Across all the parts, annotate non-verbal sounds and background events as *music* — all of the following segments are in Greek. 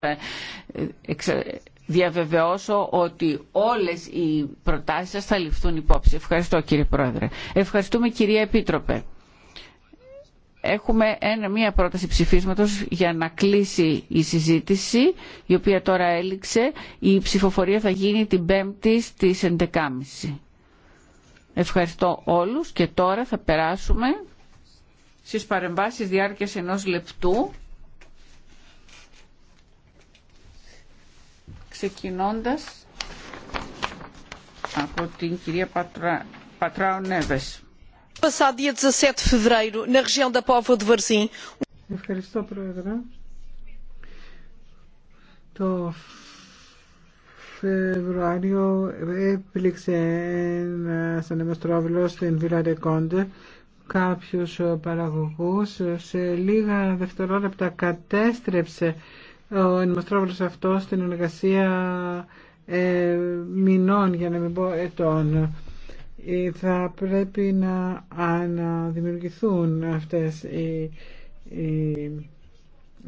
Ε, διαβεβαιώσω ότι όλες οι προτάσεις σας θα ληφθούν υπόψη. Ευχαριστώ κύριε Πρόεδρε. Ευχαριστούμε κυρία Επίτροπε. Έχουμε ένα, μία πρόταση ψηφίσματος για να κλείσει η συζήτηση, η οποία τώρα έληξε. Η ψηφοφορία θα γίνει την 5η στις 11.30. Ευχαριστώ όλους και τώρα θα περάσουμε στις παρεμβάσεις διάρκειας ενός λεπτού. ξεκινώντας από την κυρία Πατράου Νέβες. Ευχαριστώ, Πρόεδρε. Το Φεβρουάριο έπληξε ένα ανεμοστρόβλο στην Βίλα Ρεκόντε κάποιους παραγωγούς. Σε λίγα δευτερόλεπτα κατέστρεψε ο ενημεστρόβλος αυτό στην εργασία ε, μηνών για να μην πω ετών ε, θα πρέπει να αναδημιουργηθούν αυτές οι, οι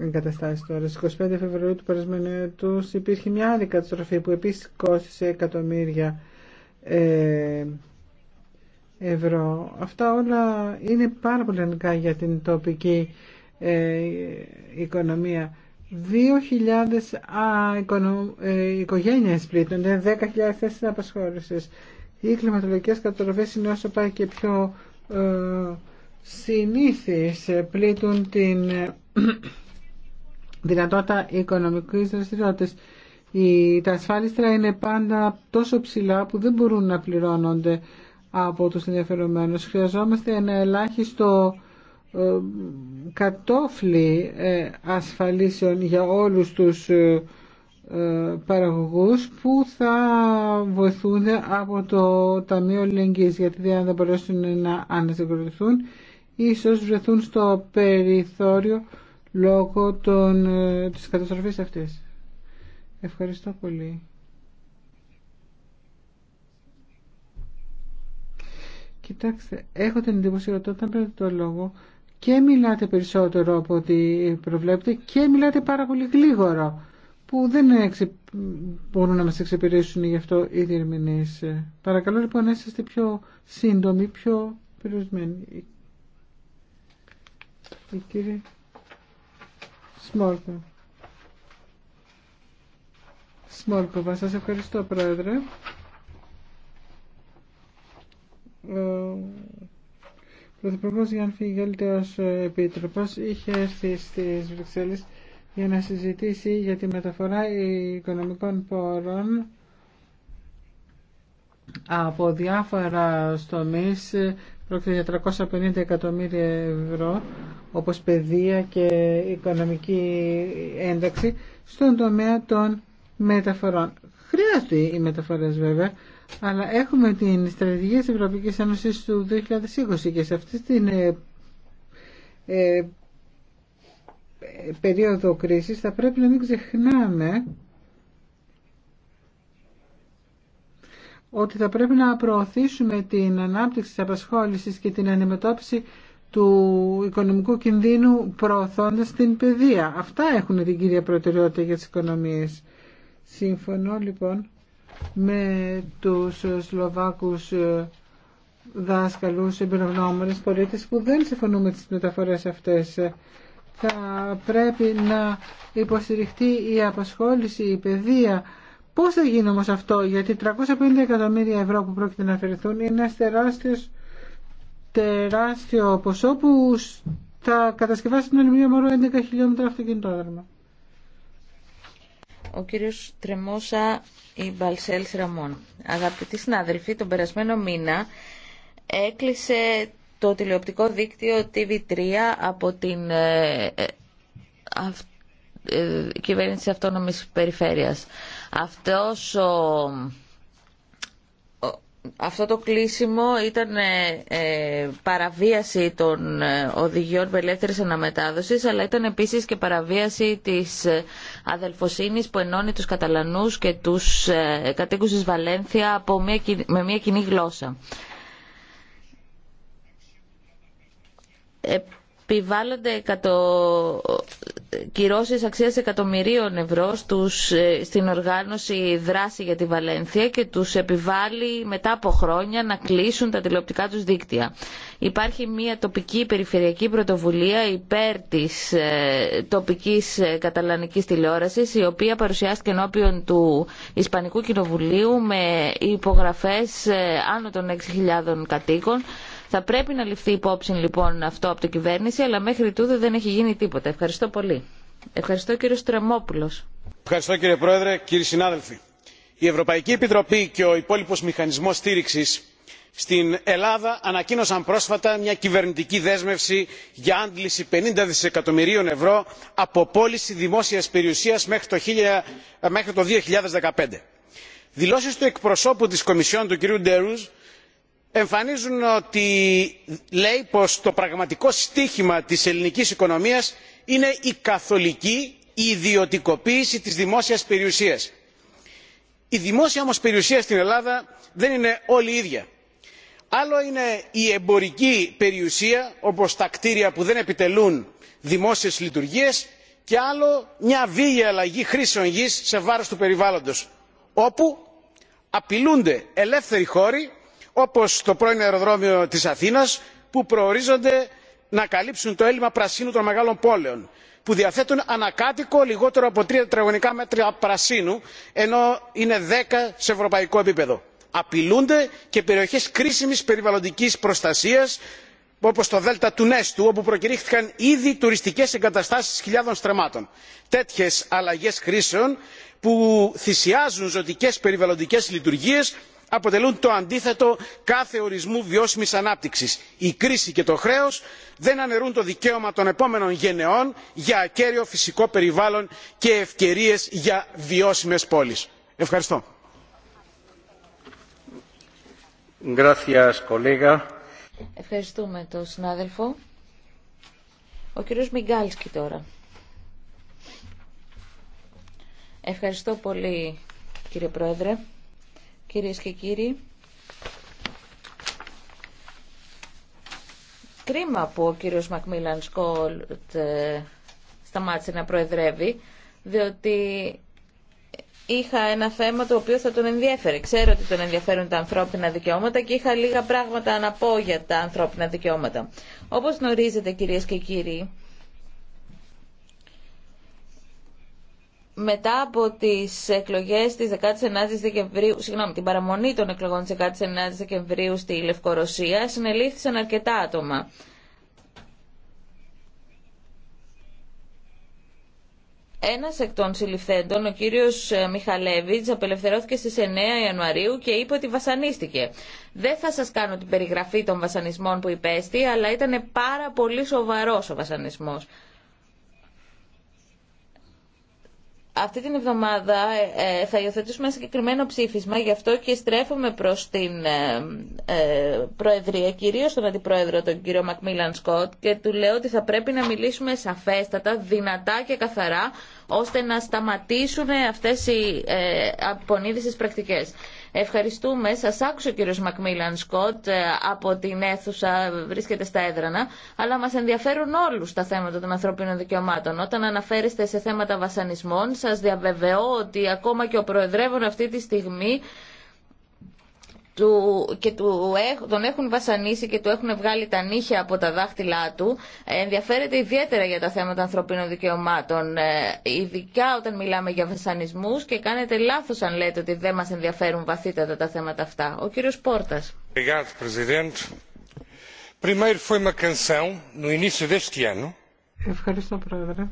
εγκαταστάσεις τώρα. Στις 25 Φεβρουαρίου του περασμένου έτους υπήρχε μια άλλη καταστροφή που επίσης κόστησε εκατομμύρια ε, ευρώ. Αυτά όλα είναι πάρα πολύ για την τοπική ε, οικονομία. 2.000 ε, οικογένειες πλήττονται, 10.000 θέσεις απασχόλησης. Οι κλιματολογικές καταστροφές είναι όσο πάει και πιο ε, συνήθεις ε, πλήττουν την ε, *clears throat* δυνατότητα οικονομικής δραστηριότητας. τα ασφάλιστρα είναι πάντα τόσο ψηλά που δεν μπορούν να πληρώνονται από τους ενδιαφερομένους. Χρειαζόμαστε ένα ελάχιστο ε, κατόφλι ε, ασφαλίσεων για όλους τους ε, παραγωγούς που θα βοηθούν από το Ταμείο Λεγγύης γιατί δεν θα μπορέσουν να ανασυγκροτηθούν ίσως βρεθούν στο περιθώριο λόγω των, της καταστροφής αυτής. Ευχαριστώ πολύ. Κοιτάξτε, έχω την εντύπωση ότι όταν πήρατε το λόγο και μιλάτε περισσότερο από ό,τι προβλέπετε και μιλάτε πάρα πολύ γλίγορο που δεν μπορούν να μας εξυπηρέσουν γι' αυτό οι διερμηνείς. Παρακαλώ λοιπόν να είστε πιο σύντομοι, πιο περιορισμένοι. Η κύριε Σμόρκο. Σμόρκο, σας ευχαριστώ πρόεδρε. Ε, ο Πρωθυπουργό Γιάνν φύγει ω ε, επίτροπο είχε έρθει στι Βρυξέλλε για να συζητήσει για τη μεταφορά οικονομικών πόρων από διάφορα τομεί, πρόκειται για 350 εκατομμύρια ευρώ όπως παιδεία και οικονομική ένταξη στον τομέα των μεταφορών. Χρειάζονται οι μεταφορές βέβαια αλλά έχουμε την στρατηγία της Ευρωπαϊκής Ένωσης του 2020 και σε αυτή την ε, ε, ε, περίοδο κρίσης θα πρέπει να μην ξεχνάμε ότι θα πρέπει να προωθήσουμε την ανάπτυξη της απασχόλησης και την αντιμετώπιση του οικονομικού κινδύνου προωθώντας την παιδεία. Αυτά έχουν την κύρια προτεραιότητα για τις οικονομίες. Συμφωνώ λοιπόν με τους ε, Σλοβάκους ε, δάσκαλους, εμπειρογνώμονες, πολίτες που δεν συμφωνούν με τις μεταφορές αυτές. Θα πρέπει να υποστηριχτεί η απασχόληση, η παιδεία. Πώς θα γίνει όμως αυτό, γιατί 350 εκατομμύρια ευρώ που πρόκειται να αφαιρεθούν είναι ένα τεράστιο, τεράστιο ποσό που θα κατασκευάσει την μία μόνο 11 χιλιόμετρα αυτοκινητόδρομο ο κύριος Τρεμόσα Ιμπαλσέλς Ραμών. Αγαπητοί συνάδελφοι, τον περασμένο μήνα έκλεισε το τηλεοπτικό δίκτυο TV3 από την ε, ε, ε, κυβέρνηση αυτόνομης περιφέρειας. Αυτός ο αυτό το κλείσιμο ήταν ε, ε, παραβίαση των ε, οδηγιών ελεύθερης αναμετάδοσης αλλά ήταν επίσης και παραβίαση της αδελφοσύνης που ενώνει τους Καταλανούς και τους ε, κατοίκους της Βαλένθια από με μια κοινή γλώσσα επιβάλλονται κατο... κυρώσεις αξίας εκατομμυρίων ευρώ στους, ε, στην οργάνωση δράση για τη Βαλένθια και τους επιβάλλει μετά από χρόνια να κλείσουν τα τηλεοπτικά τους δίκτυα. Υπάρχει μια τοπική περιφερειακή πρωτοβουλία υπέρ της ε, τοπικής ε, καταλανικής τηλεόρασης η οποία παρουσιάστηκε ενώπιον του Ισπανικού Κοινοβουλίου με υπογραφές ε, άνω των 6.000 κατοίκων θα πρέπει να ληφθεί υπόψη λοιπόν αυτό από την κυβέρνηση, αλλά μέχρι τούτο δεν έχει γίνει τίποτα. Ευχαριστώ πολύ. Ευχαριστώ κύριο Στρεμόπουλο. Ευχαριστώ κύριε Πρόεδρε, κύριοι συνάδελφοι. Η Ευρωπαϊκή Επιτροπή και ο υπόλοιπο μηχανισμό στήριξη στην ελλάδα ανακοίνωσαν πρόσφατα μια κυβερνητική δέσμευση για άντληση 50 δισεκατομμυρίων ευρώ από πώληση δημόσιας περιουσίας μέχρι το. 2015. Δηλώσει του εκπροσώπου της κομισιόν του κ. Ντερούζ εμφανίζουν ότι λέει πως το πραγματικό στίχημα της ελληνικής οικονομίας είναι η καθολική ιδιωτικοποίηση της δημόσιας περιουσίας. η δημόσια όμως περιουσία στην ελλάδα δεν είναι όλη ίδια. άλλο είναι η εμπορική περιουσία όπως τα κτίρια που δεν επιτελούν δημόσιες λειτουργίες και άλλο μια βίαιη αλλαγή χρήσεων γης σε βάρος του περιβάλλοντος όπου απειλούνται ελεύθεροι χώροι όπως το πρώην αεροδρόμιο της αθήνας που προορίζονται να καλύψουν το έλλειμμα πρασίνου των μεγάλων πόλεων που διαθέτουν ανακάτοικο λιγότερο από τρία τετραγωνικά μέτρα πρασίνου ενώ είναι δέκα σε ευρωπαϊκό επίπεδο. απειλούνται και περιοχές κρίσιμης περιβαλλοντικής προστασίας όπως το δέλτα του νέστου όπου προκηρύχθηκαν ήδη τουριστικές εγκαταστάσεις χιλιάδων στρεμάτων. τέτοιες αλλαγές χρήσεων που θυσιάζουν ζωτικές περιβαλλοντικές λειτουργίες αποτελούν το αντίθετο κάθε ορισμού βιώσιμης ανάπτυξης. η κρίση και το χρέος δεν αναιρούν το δικαίωμα των επόμενων γενεών για ακέραιο φυσικό περιβάλλον και ευκαιρίες για βιώσιμες πόλεις. ευχαριστώ. Ευχαριστούμε τον συνάδελφο. Ο κύριος Μιγκάλσκι τώρα. Ευχαριστώ πολύ κύριε Πρόεδρε κυρίες και κύριοι. Κρίμα που ο κύριος Μακμίλαν Σκόλτ ε, σταμάτησε να προεδρεύει, διότι είχα ένα θέμα το οποίο θα τον ενδιέφερε. Ξέρω ότι τον ενδιαφέρουν τα ανθρώπινα δικαιώματα και είχα λίγα πράγματα να πω για τα ανθρώπινα δικαιώματα. Όπως γνωρίζετε κυρίες και κύριοι, μετά από τις εκλογές της 19 η Δεκεμβρίου, συγγνώμη, την παραμονή των εκλογών της 19ης Δεκεμβρίου στη Λευκορωσία, συνελήφθησαν αρκετά άτομα. Ένας εκ των συλληφθέντων, ο κύριος ε, Μιχαλέβιτς, απελευθερώθηκε στις 9 Ιανουαρίου και είπε ότι βασανίστηκε. Δεν θα σας κάνω την περιγραφή των βασανισμών που υπέστη, αλλά ήταν πάρα πολύ σοβαρό ο βασανισμός. αυτή την εβδομάδα ε, ε, θα υιοθετήσουμε ένα συγκεκριμένο ψήφισμα, γι' αυτό και στρέφουμε προς την ε, Προεδρία, κυρίως τον Αντιπρόεδρο, τον κύριο Μακμίλαν Σκοτ, και του λέω ότι θα πρέπει να μιλήσουμε σαφέστατα, δυνατά και καθαρά, ώστε να σταματήσουν αυτές οι απονείδησες πρακτικές. Ευχαριστούμε. Σας άκουσε ο κύριο Μακμίλαν Σκοτ ε, από την αίθουσα, βρίσκεται στα έδρανα, αλλά μας ενδιαφέρουν όλους τα θέματα των ανθρωπίνων δικαιωμάτων. Όταν αναφέρεστε σε θέματα βασανισμών, σας διαβεβαιώ ότι ακόμα και ο Προεδρεύων αυτή τη στιγμή και του, τον έχουν βασανίσει και του έχουν βγάλει τα νύχια από τα δάχτυλά του ε, ενδιαφέρεται ιδιαίτερα για τα θέματα ανθρωπίνων δικαιωμάτων ε, ειδικά όταν μιλάμε για βασανισμούς και κάνετε λάθος αν λέτε ότι δεν μας ενδιαφέρουν βαθύτατα τα θέματα αυτά. Ο κύριος Πόρτας. Ευχαριστώ πρόεδρε.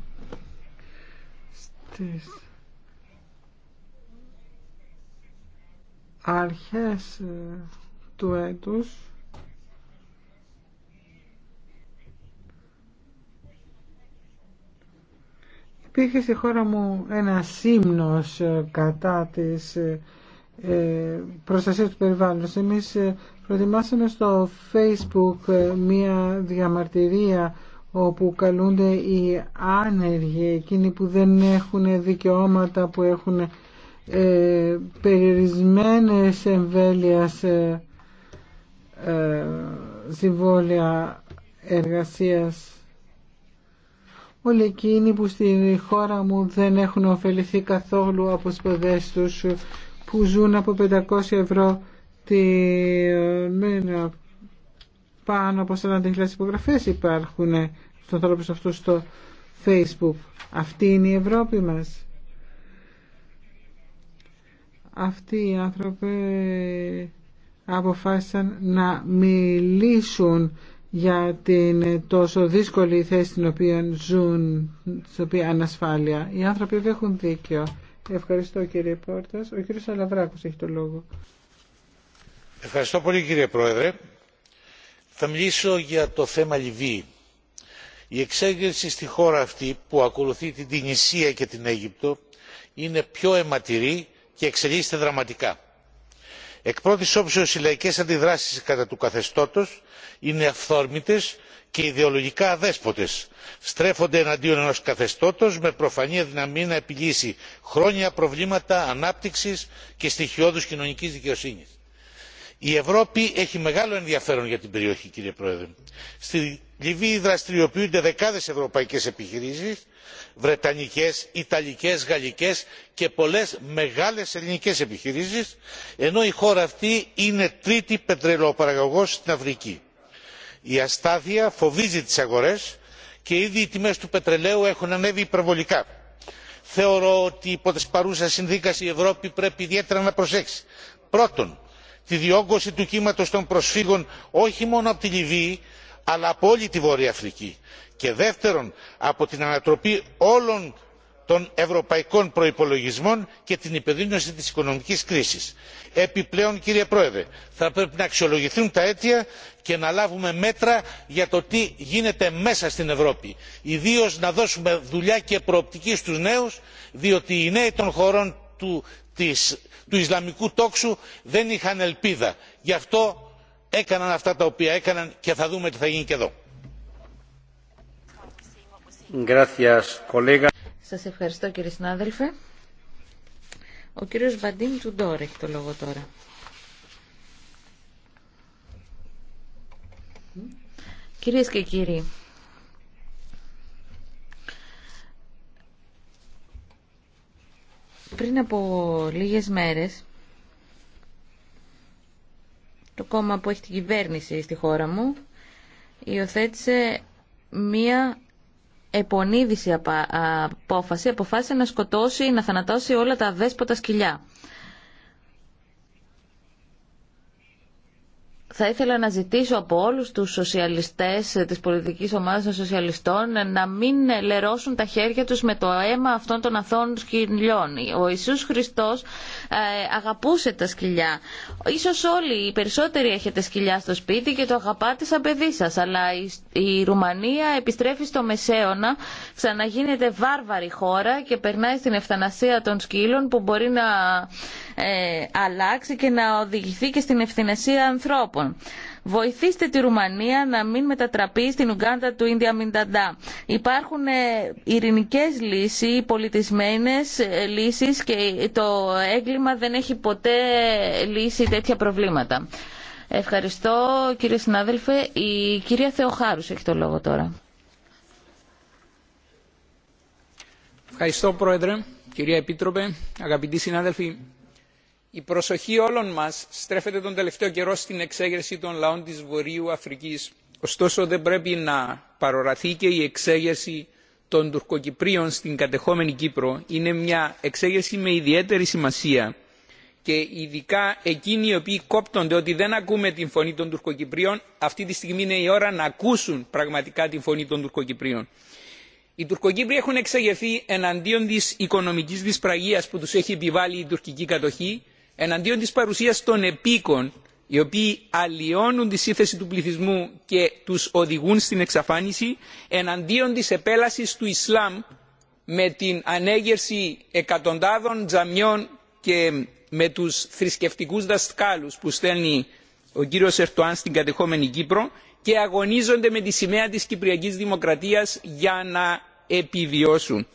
Στις αρχές ε, του έτους υπήρχε στη χώρα μου ένα σύμνος ε, κατά της ε, προστασίας του περιβάλλοντος. Εμείς προετοιμάσαμε στο facebook μία διαμαρτυρία όπου καλούνται οι άνεργοι, εκείνοι που δεν έχουν δικαιώματα που έχουν ε, περιορισμένες εμβέλειας ε, ε, συμβόλαια εργασίας όλοι εκείνοι που στη χώρα μου δεν έχουν ωφεληθεί καθόλου από σπουδές τους που ζουν από 500 ευρώ τη ε, μήνα πάνω από 40.000 υπογραφές υπάρχουν στους ανθρώπους αυτούς στο facebook αυτή είναι η Ευρώπη μας αυτοί οι άνθρωποι αποφάσισαν να μιλήσουν για την τόσο δύσκολη θέση στην οποία ζουν, στην οποία ανασφάλεια. Οι άνθρωποι δεν έχουν δίκιο. Ευχαριστώ κύριε Πόρτας. Ο κύριος Αλαβράκος έχει το λόγο. Ευχαριστώ πολύ κύριε Πρόεδρε. Θα μιλήσω για το θέμα Λιβύη. Η εξέγερση στη χώρα αυτή που ακολουθεί την Τινησία και την Αίγυπτο είναι πιο αιματηρή και εξελίσσεται δραματικά. εκ πρώτη όψεω οι λαϊκέ αντιδράσεις κατά του καθεστώτος είναι αυθόρμητες και ιδεολογικά αδέσποτε, στρέφονται εναντίον ενό καθεστώτος με προφανή αδυναμία να επιλύσει χρόνια προβλήματα ανάπτυξης και στοιχειώδους κοινωνικής δικαιοσύνης. η ευρώπη έχει μεγάλο ενδιαφέρον για την περιοχή κύριε πρόεδρε λιβύη δραστηριοποιούνται δεκάδες ευρωπαϊκές επιχειρήσεις βρετανικές ιταλικές γαλλικές και πολλές μεγάλες ελληνικές επιχειρήσεις ενώ η χώρα αυτή είναι τρίτη πετρελαιοπαραγωγός στην αφρική. η αστάθεια φοβίζει τις αγορές και ήδη οι τιμές του πετρελαίου έχουν ανέβει υπερβολικά. θεωρώ ότι υπό τις παρούσες συνθήκας η ευρώπη πρέπει ιδιαίτερα να προσέξει πρώτον τη διόγκωση του κύματος των προσφύγων όχι μόνο από τη λιβύη αλλά από όλη τη βόρεια αφρική και δεύτερον από την ανατροπή όλων των ευρωπαϊκών προϋπολογισμών και την υπερδίνωση της οικονομικής κρίσης. επιπλέον κύριε πρόεδρε θα πρέπει να αξιολογηθούν τα αίτια και να λάβουμε μέτρα για το τι γίνεται μέσα στην ευρώπη ιδίως να δώσουμε δουλειά και προοπτική στους νέους διότι οι νέοι των χωρών του, του ισλαμικού τόξου δεν είχαν ελπίδα. γι' αυτό έκαναν αυτά τα οποία έκαναν και θα δούμε τι θα γίνει και εδώ. Σας ευχαριστώ κύριε συνάδελφε. Ο κύριος Βαντίν Τουντόρ το λόγο τώρα. Κυρίες και κύριοι, πριν από λίγες μέρες το κόμμα που έχει την κυβέρνηση στη χώρα μου, υιοθέτησε μία επονίδηση απόφαση, αποφάσισε να σκοτώσει, να θανατώσει όλα τα αδέσποτα σκυλιά. Θα ήθελα να ζητήσω από όλους τους σοσιαλιστές της πολιτικής ομάδας των σοσιαλιστών να μην λερώσουν τα χέρια τους με το αίμα αυτών των αθώων σκυλιών. Ο Ιησούς Χριστός ε, αγαπούσε τα σκυλιά. Ίσως όλοι οι περισσότεροι έχετε σκυλιά στο σπίτι και το αγαπάτε σαν παιδί σας, αλλά η Ρουμανία επιστρέφει στο Μεσαίωνα, ξαναγίνεται βάρβαρη χώρα και περνάει στην ευθανασία των σκύλων που μπορεί να ε, αλλάξει και να οδηγηθεί και στην ευθυνεσία ανθρώπων. Βοηθήστε τη Ρουμανία να μην μετατραπεί στην Ουγγάντα του Ίνδια Μινταντά. Υπάρχουν ε, ειρηνικέ λύσεις, πολιτισμένε ε, λύσεις και το έγκλημα δεν έχει ποτέ λύσει τέτοια προβλήματα. Ευχαριστώ κύριε συνάδελφε. Η κυρία Θεοχάρους έχει το λόγο τώρα. Ευχαριστώ πρόεδρε, κυρία Επίτροπε, αγαπητοί συνάδελφοι η προσοχή όλων μας στρέφεται τον τελευταίο καιρό στην εξέγερση των λαών της βορείου αφρικής ωστόσο δεν πρέπει να παροραθεί και η εξέγερση των τουρκοκυπρίων στην κατεχόμενη κύπρο είναι μια εξέγερση με ιδιαίτερη σημασία και ειδικά εκείνοι οι οποίοι κόπτονται ότι δεν ακούμε την φωνή των τουρκοκυπρίων αυτή τη στιγμή είναι η ώρα να ακούσουν πραγματικά την φωνή των τουρκοκυπρίων. οι τουρκοκύπροι έχουν εξεγερθεί εναντίον της οικονομικής δυσπραγίας που τους έχει επιβάλει η τουρκική κατοχή εναντίον της παρουσίας των επίκων οι οποίοι αλλοιώνουν τη σύνθεση του πληθυσμού και τους οδηγούν στην εξαφάνιση εναντίον της επέλασης του Ισλάμ με την ανέγερση εκατοντάδων τζαμιών και με τους θρησκευτικούς δασκάλους που στέλνει ο κύριος Ερτοάν στην κατεχόμενη Κύπρο και αγωνίζονται με τη σημαία της Κυπριακής Δημοκρατίας για να επιβιώσουν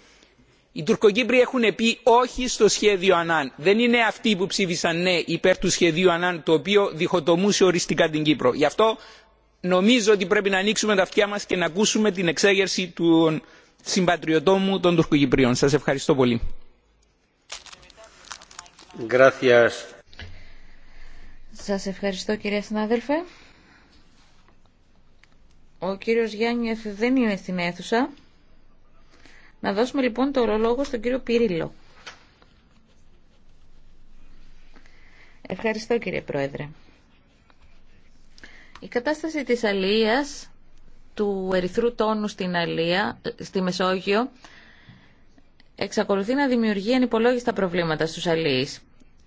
οι τουρκοκύπροι έχουν πει όχι στο σχέδιο ανάν. δεν είναι αυτοί που ψήφισαν ναι υπέρ του σχεδίου ανάν το οποίο διχοτομούσε οριστικά την κύπρο. γι' αυτό νομίζω ότι πρέπει να ανοίξουμε τα αυτιά μας και να ακούσουμε την εξέγερση των συμπατριωτών μου των τουρκοκυπρίων. σας ευχαριστώ πολύ. Gracias. Σας ευχαριστώ κυρία συνάδελφε. Ο κύριος Γιάννη δεν είναι στην αίθουσα. Να δώσουμε λοιπόν το ορολόγο στον κύριο Πυρίλο. Ευχαριστώ κύριε Πρόεδρε. Η κατάσταση της αλίας, του ερυθρού τόνου στην αλία, στη Μεσόγειο, εξακολουθεί να δημιουργεί ανυπολόγιστα προβλήματα στους αλίες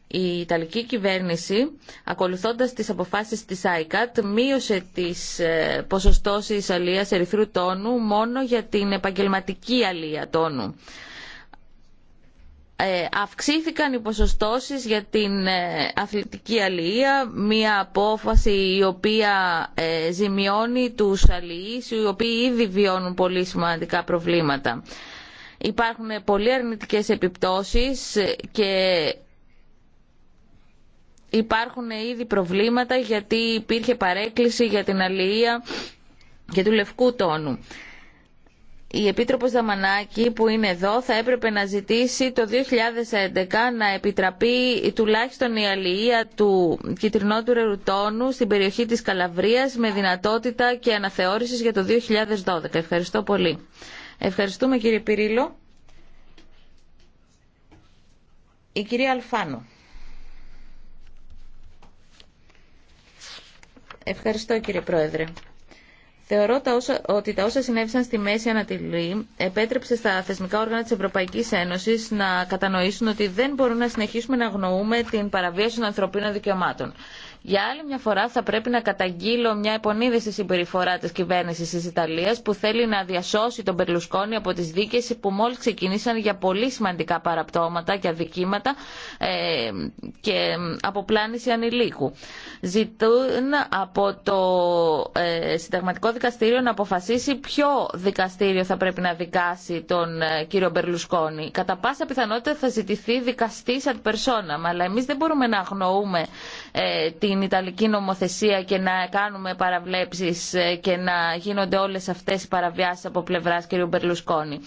η Ιταλική κυβέρνηση, ακολουθώντας τις αποφάσεις της ICAT, μείωσε τις ε, ποσοστώσεις αλίας ερυθρού τόνου μόνο για την επαγγελματική αλία τόνου. Ε, αυξήθηκαν οι ποσοστώσεις για την ε, αθλητική αλληλεία, μία απόφαση η οποία ζημιώνει τους αλληλείς, οι οποίοι ήδη βιώνουν πολύ σημαντικά προβλήματα. Υπάρχουν πολύ αρνητικές επιπτώσεις και υπάρχουν ήδη προβλήματα γιατί υπήρχε παρέκκληση για την αλληλεία και του λευκού τόνου. Η Επίτροπος Δαμανάκη που είναι εδώ θα έπρεπε να ζητήσει το 2011 να επιτραπεί τουλάχιστον η αλληλεία του κυτρινότου ρερουτόνου στην περιοχή της Καλαβρίας με δυνατότητα και αναθεώρησης για το 2012. Ευχαριστώ πολύ. Ευχαριστούμε κύριε Πυρίλο. Η κυρία Αλφάνο. Ευχαριστώ κύριε Πρόεδρε. Θεωρώ τα όσα, ότι τα όσα συνέβησαν στη Μέση Ανατολή επέτρεψε στα θεσμικά όργανα της Ευρωπαϊκής Ένωσης να κατανοήσουν ότι δεν μπορούμε να συνεχίσουμε να αγνοούμε την παραβίαση των ανθρωπίνων δικαιωμάτων. Για άλλη μια φορά θα πρέπει να καταγγείλω μια στη συμπεριφορά της κυβέρνησης της Ιταλίας που θέλει να διασώσει τον Περλουσκόνη από τις δίκες που μόλις ξεκινήσαν για πολύ σημαντικά παραπτώματα ε, και αδικήματα και αποπλάνηση ανηλίκου. Ζητούν από το ε, Συνταγματικό Δικαστήριο να αποφασίσει ποιο δικαστήριο θα πρέπει να δικάσει τον ε, κύριο Μπερλουσκόνη. Κατά πάσα πιθανότητα θα ζητηθεί δικαστή ad περσόνα, αλλά εμείς δεν μπορούμε να αγνοούμε την την Ιταλική νομοθεσία και να κάνουμε παραβλέψεις ε, και να γίνονται όλες αυτές οι παραβιάσεις από πλευράς κ. Μπερλουσκόνη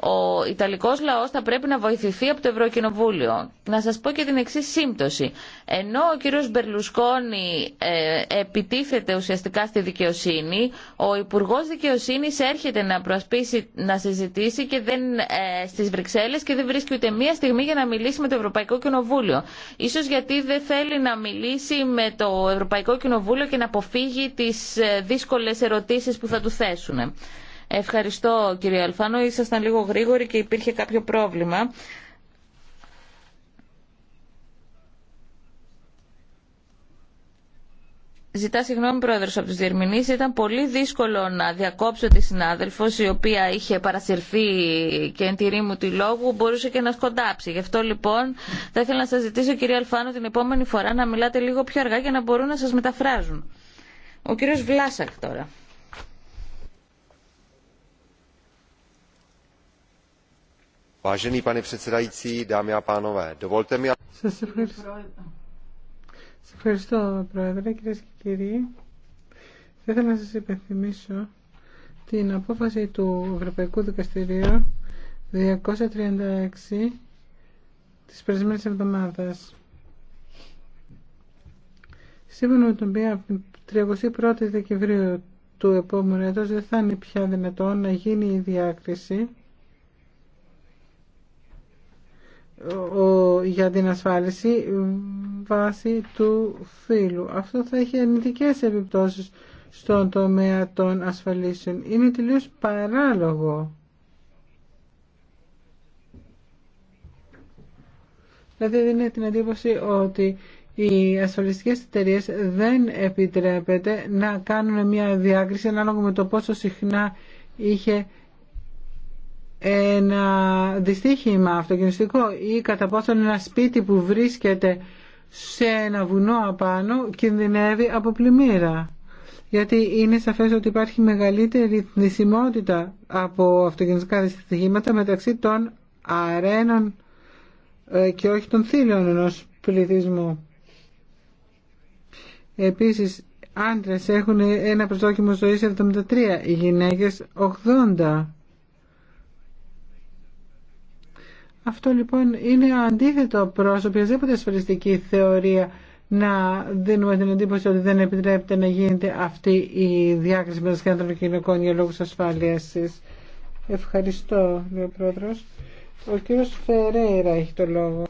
ο Ιταλικό λαό θα πρέπει να βοηθηθεί από το Ευρωκοινοβούλιο. Να σα πω και την εξή σύμπτωση. Ενώ ο κύριο Μπερλουσκόνη ε, επιτίθεται ουσιαστικά στη δικαιοσύνη, ο Υπουργό Δικαιοσύνη έρχεται να προσπίσει να συζητήσει και δεν, ε, στις Βρυξέλλες και δεν βρίσκει ούτε μία στιγμή για να μιλήσει με το Ευρωπαϊκό Κοινοβούλιο. Ίσως γιατί δεν θέλει να μιλήσει με το Ευρωπαϊκό Κοινοβούλιο και να αποφύγει τις ε, δύσκολε ερωτήσει που θα του θέσουν. Ευχαριστώ κύριε Αλφάνο, ήσασταν λίγο γρήγοροι και υπήρχε κάποιο πρόβλημα. Ζητά συγγνώμη πρόεδρος από τους διερμηνείς. Ήταν πολύ δύσκολο να διακόψω τη συνάδελφος η οποία είχε παρασυρθεί και εν τη μου τη λόγου μπορούσε και να σκοντάψει. Γι' αυτό λοιπόν θα ήθελα να σας ζητήσω κύριε Αλφάνο την επόμενη φορά να μιλάτε λίγο πιο αργά για να μπορούν να σας μεταφράζουν. Ο κύριος Βλάσακ τώρα. Σα ευχαριστώ. Σας ευχαριστώ, Πρόεδρε, κυρίες και κύριοι. Θα ήθελα να σα υπενθυμίσω την απόφαση του Ευρωπαϊκού Δικαστηρίου 236 της περισμένης εβδομάδα. Σύμφωνα με τον οποίο από την 31η Δεκεμβρίου του επόμενου έτος δεν θα είναι πια δυνατό να γίνει η διάκριση για την ασφάλιση ε, βάση του φύλου. Αυτό θα έχει αρνητικές επιπτώσεις στον τομέα των ασφαλίσεων. Είναι τελείως παράλογο. Δηλαδή δίνει την εντύπωση ότι οι ασφαλιστικές εταιρείε δεν επιτρέπεται να κάνουν μια διάκριση ανάλογα με το πόσο συχνά είχε ένα δυστύχημα αυτοκινηστικό ή κατά πόσο ένα σπίτι που βρίσκεται σε ένα βουνό απάνω κινδυνεύει από πλημμύρα. Γιατί είναι σαφές ότι υπάρχει μεγαλύτερη θνησιμότητα από αυτοκινητικά δυστυχήματα μεταξύ των αρένων ε, και όχι των θύλων ενός πληθυσμού. Επίσης, άντρες έχουν ένα προσδόκιμο ζωής 73, οι γυναίκες 80. Αυτό λοιπόν είναι αντίθετο προς οποιασδήποτε ασφαλιστική θεωρία να δίνουμε την εντύπωση ότι δεν επιτρέπεται να γίνεται αυτή η διάκριση μεταξύ άντρων και κοινωνικών για λόγους ασφάλειας. Ευχαριστώ, λέει ο πρόεδρος. Ο κύριος Φερέιρα έχει το λόγο.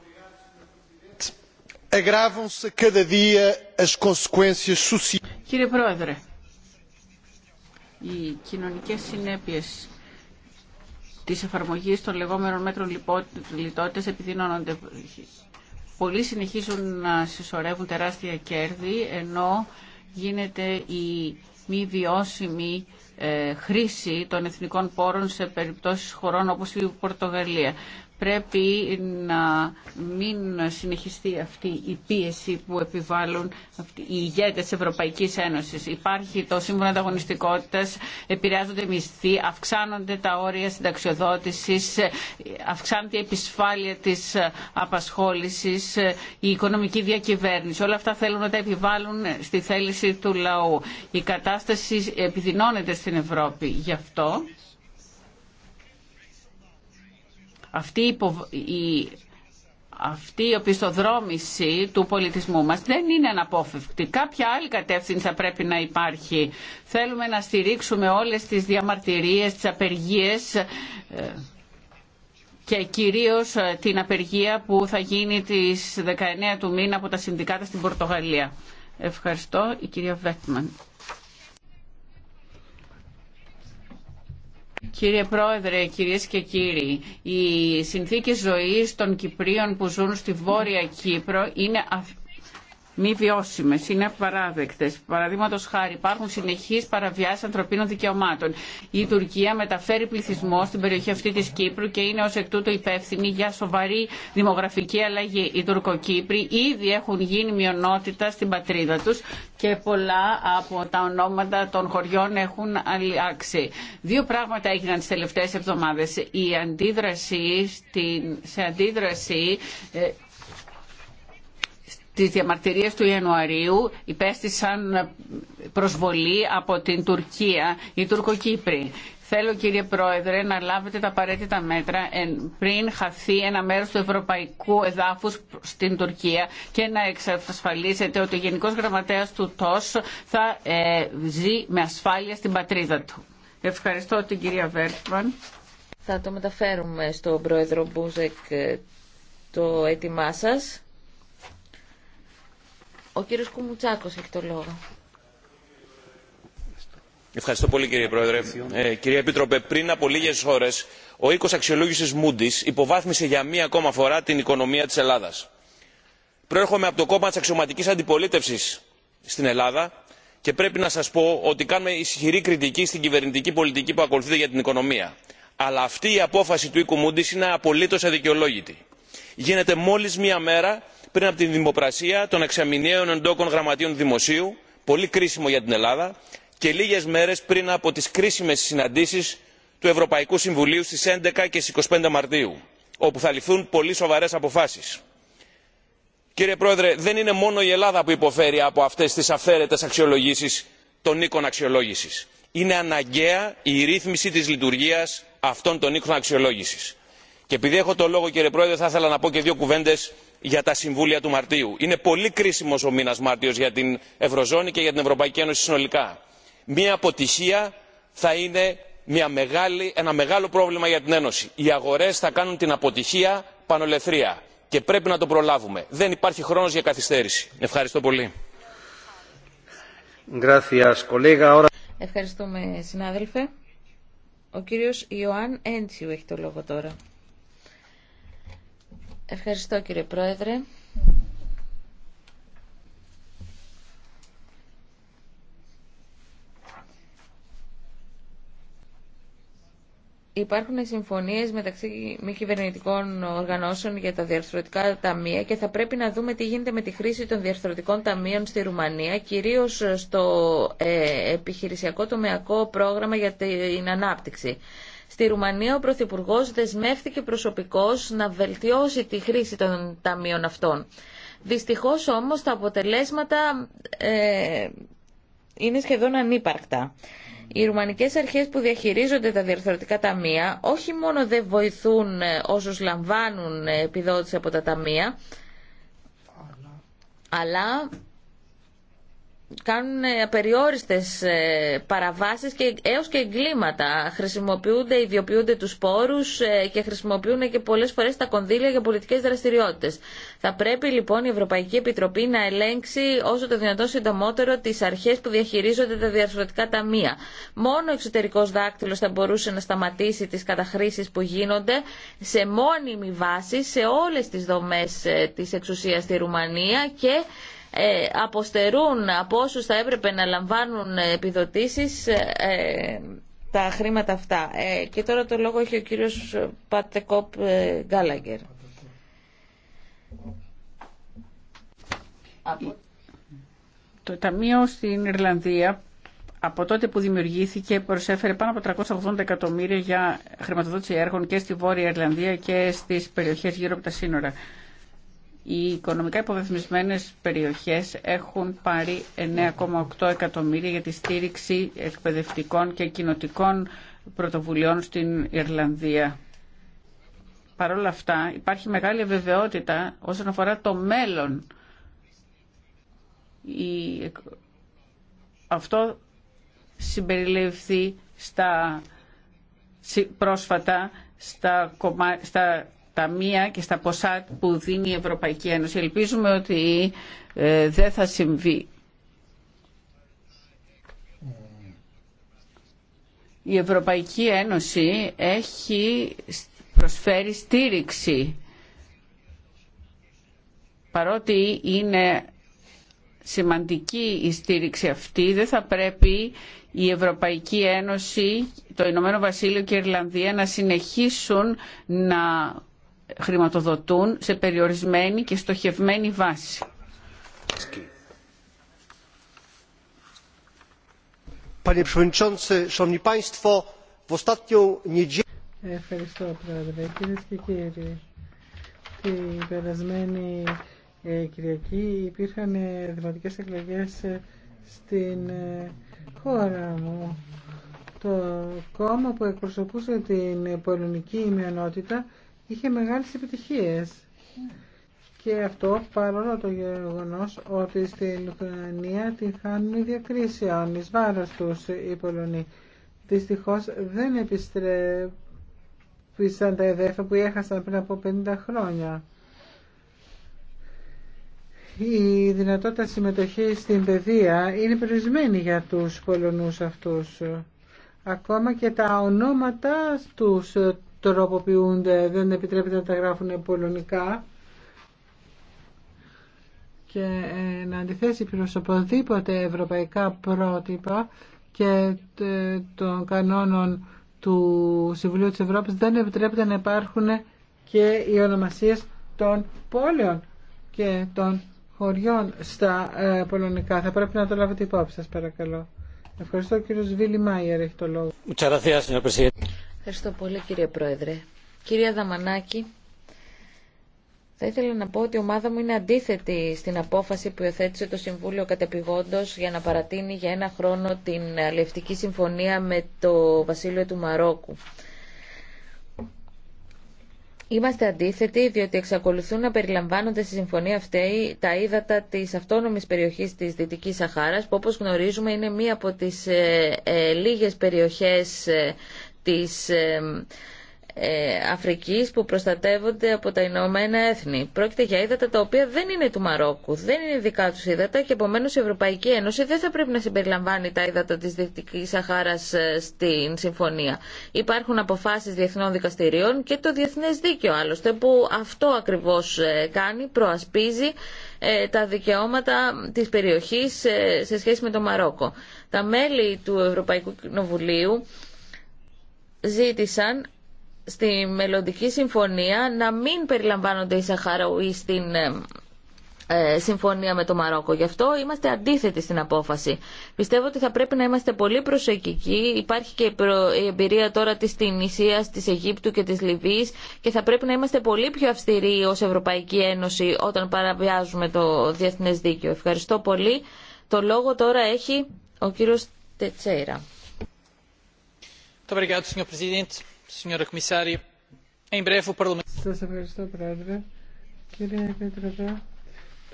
Κύριε Πρόεδρε, οι κοινωνικές συνέπειες τι εφαρμογή των λεγόμενων μέτρων λιτότητας επιδεινώνονται. Πολλοί συνεχίζουν να συσσωρεύουν τεράστια κέρδη, ενώ γίνεται η μη βιώσιμη ε, χρήση των εθνικών πόρων σε περιπτώσεις χωρών όπως η Πορτογαλία πρέπει να μην συνεχιστεί αυτή η πίεση που επιβάλλουν οι ηγέτες Ευρωπαϊκής Ένωσης. Υπάρχει το σύμφωνο ανταγωνιστικότητας, επηρεάζονται μισθοί, αυξάνονται τα όρια συνταξιοδότησης, αυξάνεται η επισφάλεια της απασχόλησης, η οικονομική διακυβέρνηση. Όλα αυτά θέλουν να τα επιβάλλουν στη θέληση του λαού. Η κατάσταση επιδεινώνεται στην Ευρώπη. Γι' αυτό αυτή η αυτή η οπισθοδρόμηση του πολιτισμού μας δεν είναι αναπόφευκτη. Κάποια άλλη κατεύθυνση θα πρέπει να υπάρχει. Θέλουμε να στηρίξουμε όλες τις διαμαρτυρίες, τις απεργίες ε, και κυρίως ε, την απεργία που θα γίνει τις 19 του μήνα από τα συνδικάτα στην Πορτογαλία. Ευχαριστώ. Η κυρία βέτμαν. Κύριε Πρόεδρε, κυρίες και κύριοι, οι συνθήκες ζωής των Κυπρίων που ζουν στη Βόρεια Κύπρο είναι μη βιώσιμες, είναι απαράδεκτε. Παραδείγματο χάρη υπάρχουν συνεχεί παραβιάσεις ανθρωπίνων δικαιωμάτων. Η Τουρκία μεταφέρει πληθυσμό στην περιοχή αυτή της Κύπρου και είναι ω εκ τούτου υπεύθυνη για σοβαρή δημογραφική αλλαγή. Οι Τουρκοκύπροι ήδη έχουν γίνει μειονότητα στην πατρίδα τους και πολλά από τα ονόματα των χωριών έχουν αλλάξει. Δύο πράγματα έγιναν τι τελευταίε εβδομάδε. Η αντίδραση σε αντίδραση ε, τις διαμαρτυρίες του Ιανουαρίου υπέστησαν προσβολή από την Τουρκία, οι Τουρκοκύπροι. Θέλω κύριε Πρόεδρε να λάβετε τα απαραίτητα μέτρα πριν χαθεί ένα μέρος του ευρωπαϊκού εδάφους στην Τουρκία και να εξασφαλίσετε ότι ο Γενικός Γραμματέας του ΤΟΣ θα ε, ζει με ασφάλεια στην πατρίδα του. Ευχαριστώ την κυρία Βέρτμαν. Θα το μεταφέρουμε στον Πρόεδρο Μπούζεκ ε, το έτοιμά σας. Ο κύριος Κουμουτσάκος έχει το λόγο. Ευχαριστώ πολύ κύριε Πρόεδρε. Ε, κυρία Επίτροπε, πριν από λίγες ώρες ο οίκος αξιολόγησης Moody's υποβάθμισε για μία ακόμα φορά την οικονομία της Ελλάδας. Προέρχομαι από το κόμμα της αξιωματικής αντιπολίτευσης στην Ελλάδα και πρέπει να σας πω ότι κάνουμε ισχυρή κριτική στην κυβερνητική πολιτική που ακολουθείται για την οικονομία. Αλλά αυτή η απόφαση του οίκου Moody's είναι απολύτως αδικαιολόγητη. Γίνεται μόλις μία μέρα πριν από την δημοπρασία των εξαμηνιαίων εντόκων γραμματείων δημοσίου πολύ κρίσιμο για την ελλάδα και λίγες μέρες πριν από τις κρίσιμες συναντήσεις του ευρωπαϊκού συμβουλίου στις 11 και στις 25 μαρτίου όπου θα ληφθούν πολύ σοβαρές αποφάσεις. Κύριε Πρόεδρε, δεν είναι μόνο η Ελλάδα που υποφέρει από αυτές τις αυθαίρετες αξιολογήσεις των οίκων αξιολόγησης. Είναι αναγκαία η ρύθμιση της λειτουργίας αυτών των οίκων αξιολόγησης και επειδή έχω το λόγο κύριε πρόεδρε θα ήθελα να πω και δύο κουβέντε για τα συμβούλια του μαρτίου. είναι πολύ κρίσιμο ο μήνα μάρτιο για την ευρωζώνη και για την ευρωπαϊκή ένωση συνολικά. μια αποτυχία θα είναι ένα μεγάλο πρόβλημα για την ένωση. οι αγορέ θα κάνουν την αποτυχία πανολεθρία και πρέπει να το προλάβουμε. δεν υπάρχει χρόνο για καθυστέρηση. ευχαριστώ πολύ. Ευχαριστούμε συνάδελφε. Ο κύριος Ιωάνν Έντσιου έχει το λόγο τώρα. Ευχαριστώ κύριε Πρόεδρε. Υπάρχουν συμφωνίε μεταξύ μη κυβερνητικών οργανώσεων για τα διαρθρωτικά ταμεία και θα πρέπει να δούμε τι γίνεται με τη χρήση των διαρθρωτικών ταμείων στη Ρουμανία, κυρίως στο ε, επιχειρησιακό τομεακό πρόγραμμα για την ανάπτυξη. Στη Ρουμανία ο Πρωθυπουργό δεσμεύτηκε προσωπικώ να βελτιώσει τη χρήση των ταμείων αυτών. Δυστυχώ όμω τα αποτελέσματα ε, είναι σχεδόν ανύπαρκτα. Οι ρουμανικές αρχές που διαχειρίζονται τα διορθωτικά ταμεία όχι μόνο δεν βοηθούν ε, όσους λαμβάνουν ε, επιδότηση από τα ταμεία, αλλά κάνουν ε, απεριόριστες ε, παραβάσεις και έως και εγκλήματα. Χρησιμοποιούνται, ιδιοποιούνται τους πόρους ε, και χρησιμοποιούν και πολλές φορές τα κονδύλια για πολιτικές δραστηριότητες. Θα πρέπει λοιπόν η Ευρωπαϊκή Επιτροπή να ελέγξει όσο το δυνατόν συντομότερο τις αρχές που διαχειρίζονται τα διαρθρωτικά ταμεία. Μόνο ο εξωτερικός δάκτυλος θα μπορούσε να σταματήσει τις καταχρήσεις που γίνονται σε μόνιμη βάση σε όλες τις δομές της εξουσίας στη Ρουμανία και ε, αποστερούν από όσους θα έπρεπε να λαμβάνουν επιδοτήσεις ε, ε, τα χρήματα αυτά. Και τώρα το λόγο έχει ο κύριος Πατεκόπ Γκάλαγκερ. Το Ταμείο στην Ιρλανδία από τότε που δημιουργήθηκε προσέφερε πάνω από 380 εκατομμύρια για χρηματοδότηση έργων και στη Βόρεια Ιρλανδία και στις περιοχές γύρω από τα σύνορα. Οι οικονομικά υποβεθμισμένες περιοχές έχουν πάρει 9,8 εκατομμύρια για τη στήριξη εκπαιδευτικών και κοινοτικών πρωτοβουλειών στην Ιρλανδία. Παρ' όλα αυτά υπάρχει μεγάλη βεβαιότητα όσον αφορά το μέλλον. Η... Αυτό συμπεριληφθεί στα πρόσφατα στα, κομμά... στα ταμεία και στα ποσά που δίνει η Ευρωπαϊκή Ένωση. Ελπίζουμε ότι ε, δεν θα συμβεί. Η Ευρωπαϊκή Ένωση έχει προσφέρει στήριξη παρότι είναι σημαντική η στήριξη αυτή, δεν θα πρέπει η Ευρωπαϊκή Ένωση, το Ηνωμένο Βασίλειο και η Ιρλανδία να συνεχίσουν να χρηματοδοτούν σε περιορισμένη και στοχευμένη βάση. Ευχαριστώ, Πρόεδρε. Κυρίε και κύριοι, την περασμένη ε, Κυριακή υπήρχαν ε, δημοτικές εκλογές ε, στην χώρα μου. Το κόμμα που εκπροσωπούσε την πολωνική μειονότητα είχε μεγάλες επιτυχίες. Και αυτό παρόλο το γεγονό ότι στην Ουκρανία τη χάνουν διακρίσεων εις βάρος τους οι Πολωνοί. Δυστυχώς δεν επιστρέφησαν τα εδέφα που έχασαν πριν από 50 χρόνια. Η δυνατότητα συμμετοχή στην παιδεία είναι περιορισμένη για τους Πολωνούς αυτούς. Ακόμα και τα ονόματα τους τροποποιούνται, δεν επιτρέπεται να τα γράφουν πολωνικά και ε, να αντιθέσει προς οπωσδήποτε ευρωπαϊκά πρότυπα και ε, των κανόνων του Συμβουλίου της Ευρώπης δεν επιτρέπεται να υπάρχουν και οι ονομασίες των πόλεων και των χωριών στα ε, πολωνικά. Θα πρέπει να το λάβετε υπόψη σας παρακαλώ. Ευχαριστώ κύριο Βίλι Μάιερ έχει το λόγο. Ευχαριστώ πολύ κύριε Πρόεδρε. Κυρία Δαμανάκη, θα ήθελα να πω ότι η ομάδα μου είναι αντίθετη στην απόφαση που υιοθέτησε το Συμβούλιο Κατεπηγόντος για να παρατείνει για ένα χρόνο την αλληλευτική συμφωνία με το Βασίλειο του Μαρόκου. Είμαστε αντίθετοι διότι εξακολουθούν να περιλαμβάνονται στη συμφωνία αυτή τα ύδατα της αυτόνομης περιοχής της Δυτικής Σαχάρας που όπως γνωρίζουμε είναι μία από τις ε, ε, λίγες περιοχές ε, της ε, Αφρικής που προστατεύονται από τα Ηνωμένα Έθνη. Πρόκειται για ύδατα τα οποία δεν είναι του Μαρόκου, δεν είναι δικά τους ύδατα και επομένως η Ευρωπαϊκή Ένωση δεν θα πρέπει να συμπεριλαμβάνει τα ύδατα της Δυτικής Σαχάρας ε, στην Συμφωνία. Υπάρχουν αποφάσεις διεθνών δικαστηριών και το Διεθνές Δίκαιο άλλωστε που αυτό ακριβώς ε, κάνει, προασπίζει τα δικαιώματα της περιοχής σε σχέση με το Μαρόκο. Τα μέλη του Ευρωπαϊκού Κοινοβουλίου ζήτησαν στη μελλοντική συμφωνία να μην περιλαμβάνονται οι Σαχαραούι στην ε, ε, συμφωνία με το Μαρόκο. Γι' αυτό είμαστε αντίθετοι στην απόφαση. Πιστεύω ότι θα πρέπει να είμαστε πολύ προσεκτικοί. Υπάρχει και η εμπειρία τώρα της Τινησίας, της Αιγύπτου και της Λιβύης και θα πρέπει να είμαστε πολύ πιο αυστηροί ως Ευρωπαϊκή Ένωση όταν παραβιάζουμε το διεθνές δίκαιο. Ευχαριστώ πολύ. Το λόγο τώρα έχει ο κύριος Τετσέιρα. Σας ευχαριστώ, Πρόεδρε. Κύριε Επίτροπε,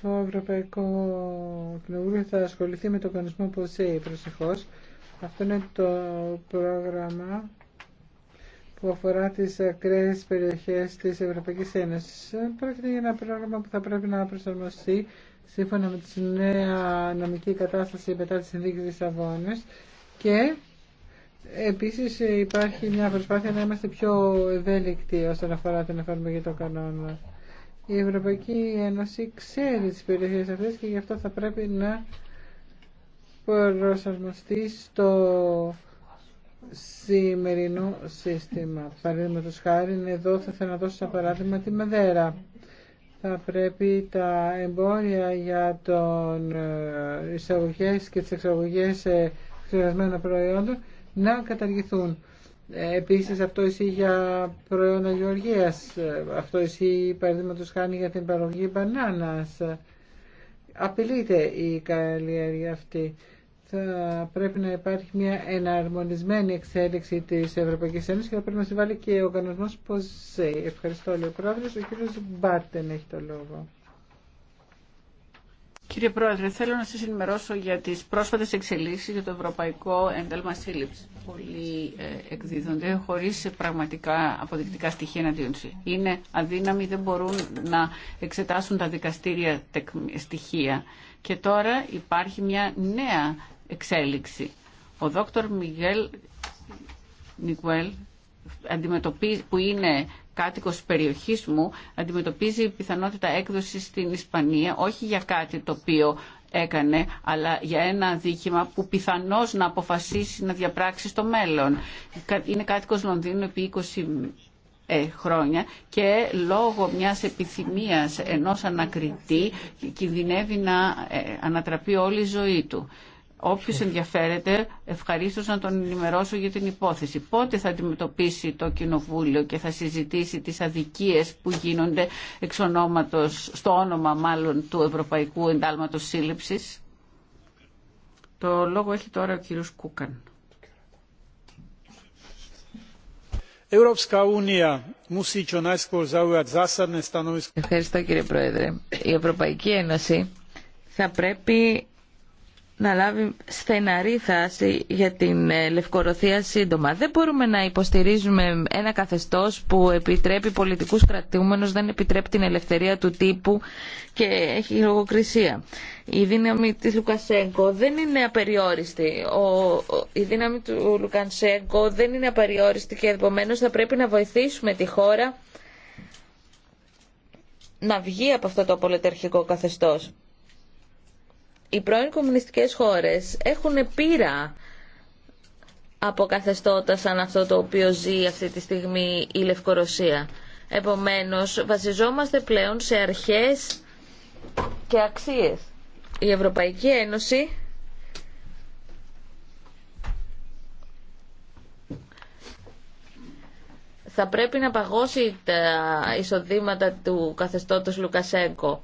το Ευρωπαϊκό Κοινοβούλιο θα ασχοληθεί με το κανονισμό ΠΟΣΕΙ, προσεχώς. Αυτό είναι το πρόγραμμα που αφορά τις ακραίε περιοχές της Ευρωπαϊκής Ένωσης. Πρόκειται για ένα πρόγραμμα που θα πρέπει να προσαρμοστεί σύμφωνα με τη νέα νομική κατάσταση μετά τη συνθήκη της Αβώνης και Επίσης ε, υπάρχει μια προσπάθεια να είμαστε πιο ευέλικτοι όσον αφορά την εφαρμογή των κανόνων. Η Ευρωπαϊκή Ένωση ξέρει τι περιοχέ αυτέ και γι' αυτό θα πρέπει να προσαρμοστεί στο σημερινό σύστημα. Παραδείγματο χάρη, εδώ θα ήθελα να δώσω σαν παράδειγμα τη Μεδέρα. Θα πρέπει τα εμπόρια για τον ε, εισαγωγέ και τις εξαγωγέ ε, ξεχασμένων προϊόντων να καταργηθούν. Ε, επίσης αυτό ισχύει για προϊόντα γεωργίας, ε, αυτό ισχύει παραδείγματος χάνει για την παραγωγή μπανάνας. Απειλείται η καλλιέργεια αυτή. Θα πρέπει να υπάρχει μια εναρμονισμένη εξέλιξη της Ευρωπαϊκής Ένωσης και θα πρέπει να συμβάλλει και ο οργανισμός ΠΟΣΕΙ. Ευχαριστώ, λέει ο πρόεδρος. Ο κύριος Μπάρτεν έχει το λόγο. Κύριε Πρόεδρε, θέλω να σας ενημερώσω για τις πρόσφατες εξελίξεις για το Ευρωπαϊκό Ένταλμα Σύλληψη. Πολλοί ε, εκδίδονται χωρίς πραγματικά αποδεικτικά στοιχεία εναντίον του. Είναι αδύναμοι, δεν μπορούν να εξετάσουν τα δικαστήρια στοιχεία. Και τώρα υπάρχει μια νέα εξέλιξη. Ο δόκτωρ Μιγέλ Νικουέλ, που είναι κάτοικος περιοχής μου αντιμετωπίζει πιθανότητα έκδοση στην Ισπανία, όχι για κάτι το οποίο έκανε, αλλά για ένα δίκημα που πιθανώς να αποφασίσει να διαπράξει στο μέλλον. Είναι κάτοικος Λονδίνου επί 20 ε, χρόνια και λόγω μιας επιθυμίας ενός ανακριτή κινδυνεύει να ε, ανατραπεί όλη η ζωή του. Όποιος ενδιαφέρεται, ευχαρίστω να τον ενημερώσω για την υπόθεση. Πότε θα αντιμετωπίσει το Κοινοβούλιο και θα συζητήσει τις αδικίες που γίνονται εξ στο όνομα μάλλον του Ευρωπαϊκού Εντάλματος Σύλληψης. Το λόγο έχει τώρα ο κύριος Κούκαν. Ευχαριστώ κύριε Πρόεδρε. Η Ευρωπαϊκή Ένωση θα πρέπει να λάβει στεναρή θάση για την ε, Λευκορωθία σύντομα. Δεν μπορούμε να υποστηρίζουμε ένα καθεστώς που επιτρέπει πολιτικούς κρατούμενους, δεν επιτρέπει την ελευθερία του τύπου και έχει λογοκρισία. Η δύναμη της Λουκασέγκο δεν είναι απεριόριστη. η δύναμη του Λουκασέγκο δεν είναι απεριόριστη και επομένως θα πρέπει να βοηθήσουμε τη χώρα να βγει από αυτό το απολετερχικό καθεστώς οι πρώην κομμουνιστικές χώρες έχουν πείρα από καθεστώτα σαν αυτό το οποίο ζει αυτή τη στιγμή η Λευκορωσία. Επομένως, βασιζόμαστε πλέον σε αρχές και αξίες. Η Ευρωπαϊκή Ένωση θα πρέπει να παγώσει τα εισοδήματα του καθεστώτος Λουκασέγκο.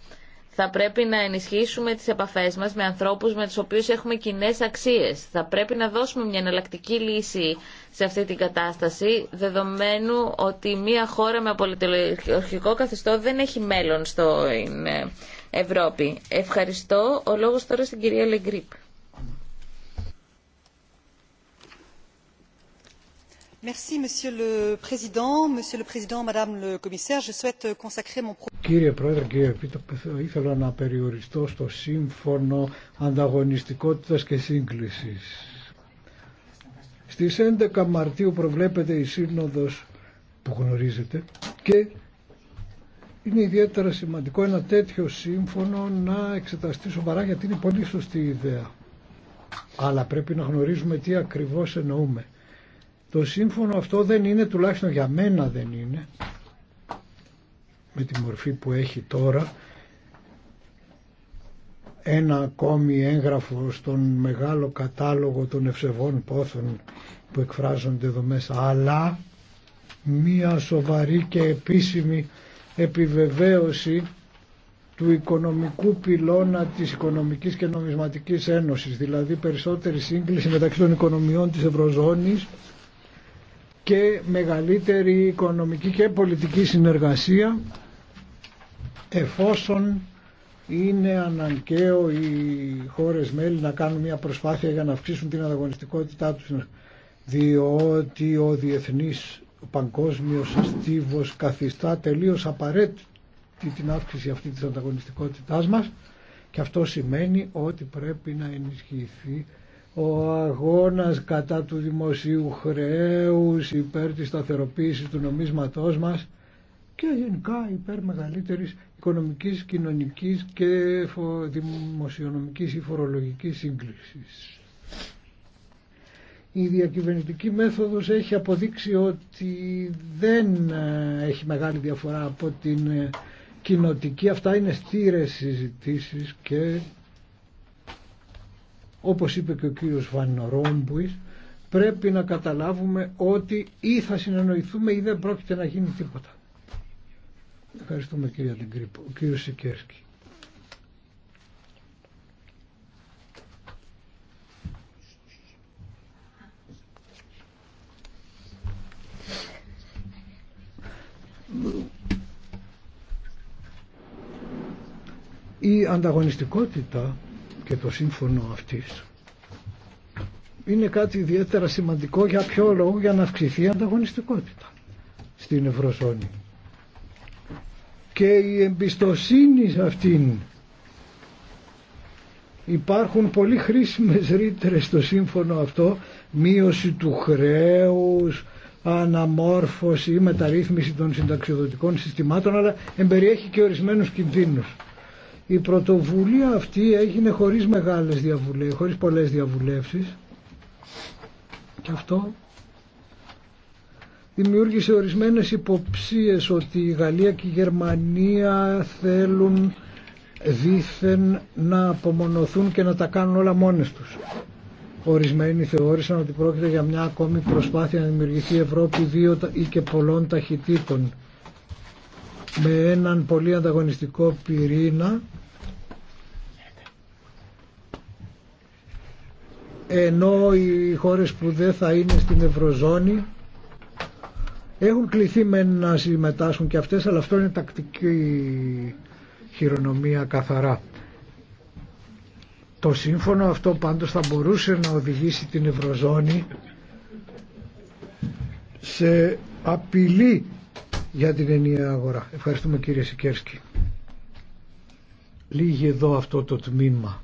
Θα πρέπει να ενισχύσουμε τις επαφές μας με ανθρώπους με τους οποίους έχουμε κοινέ αξίες. Θα πρέπει να δώσουμε μια εναλλακτική λύση σε αυτή την κατάσταση, δεδομένου ότι μια χώρα με πολιτελεοχικό καθεστώ δεν έχει μέλλον στο ε, Ευρώπη. Ευχαριστώ. Ο λόγος τώρα στην κυρία Λεγκρίπ. Κύριε Πρόεδρε, κύριε Επίτροπε, ήθελα να περιοριστώ στο σύμφωνο ανταγωνιστικότητας και σύγκλησης. Στις 11 Μαρτίου προβλέπεται η σύνοδος που γνωρίζετε και είναι ιδιαίτερα σημαντικό ένα τέτοιο σύμφωνο να εξεταστεί σοβαρά γιατί είναι πολύ σωστή ιδέα. Αλλά πρέπει να γνωρίζουμε τι ακριβώς εννοούμε. Το σύμφωνο αυτό δεν είναι, τουλάχιστον για μένα δεν είναι, με τη μορφή που έχει τώρα, ένα ακόμη έγγραφο στον μεγάλο κατάλογο των ευσεβών πόθων που εκφράζονται εδώ μέσα, αλλά μία σοβαρή και επίσημη επιβεβαίωση του οικονομικού πυλώνα της Οικονομικής και Νομισματικής Ένωσης, δηλαδή περισσότερη σύγκληση μεταξύ των οικονομιών της Ευρωζώνης και μεγαλύτερη οικονομική και πολιτική συνεργασία εφόσον είναι αναγκαίο οι χώρες μέλη να κάνουν μια προσπάθεια για να αυξήσουν την ανταγωνιστικότητά τους διότι ο διεθνής ο παγκόσμιος καθιστά τελείως απαραίτητη την αύξηση αυτή της ανταγωνιστικότητάς μας και αυτό σημαίνει ότι πρέπει να ενισχυθεί ο αγώνας κατά του δημοσίου χρέους, υπέρ της σταθεροποίησης του νομίσματός μας και γενικά υπέρ μεγαλύτερης οικονομικής, κοινωνικής και δημοσιονομικής ή φορολογικής σύγκλησης. Η διακυβερνητική μέθοδος έχει αποδείξει ότι δεν ε, έχει μεγάλη διαφορά από την ε, κοινοτική. Αυτά είναι στήρες συζητήσεις και όπως είπε και ο κύριος Ρόμπουης, πρέπει να καταλάβουμε ότι ή θα συνεννοηθούμε ή δεν πρόκειται να γίνει τίποτα. Ευχαριστούμε κύριε Αντιγκρίπο. Ο κύριος Σικέρσκι. Η θα συνεννοηθουμε η δεν προκειται να γινει τιποτα ευχαριστουμε κυριε αντιγκρυπο ο κυριος σικερσκι η ανταγωνιστικοτητα και το σύμφωνο αυτής είναι κάτι ιδιαίτερα σημαντικό για ποιο λόγο για να αυξηθεί η ανταγωνιστικότητα στην Ευρωζώνη και η εμπιστοσύνη σε αυτήν υπάρχουν πολύ χρήσιμες ρήτρες στο σύμφωνο αυτό μείωση του χρέους αναμόρφωση ή μεταρρύθμιση των συνταξιοδοτικών συστημάτων αλλά εμπεριέχει και ορισμένους κινδύνους η πρωτοβουλία αυτή έγινε χωρίς, μεγάλες διαβουλεύσεις, χωρίς πολλές διαβουλεύσεις και αυτό δημιούργησε ορισμένες υποψίες ότι η Γαλλία και η Γερμανία θέλουν δήθεν να απομονωθούν και να τα κάνουν όλα μόνες τους. Ορισμένοι θεώρησαν ότι πρόκειται για μια ακόμη προσπάθεια να δημιουργηθεί Ευρώπη δύο ή και πολλών ταχυτήτων με έναν πολύ ανταγωνιστικό πυρήνα ενώ οι χώρες που δεν θα είναι στην Ευρωζώνη έχουν κληθεί με να συμμετάσχουν και αυτές αλλά αυτό είναι τακτική χειρονομία καθαρά. Το σύμφωνο αυτό πάντως θα μπορούσε να οδηγήσει την Ευρωζώνη σε απειλή για την ενιαία αγορά. Ευχαριστούμε κύριε Σικέρσκι. Λίγη εδώ αυτό το τμήμα.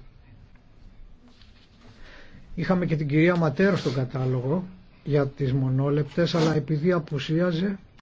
Είχαμε και την κυρία Ματέρα στο κατάλογο για τις μονόλεπτες, αλλά επειδή απουσίαζε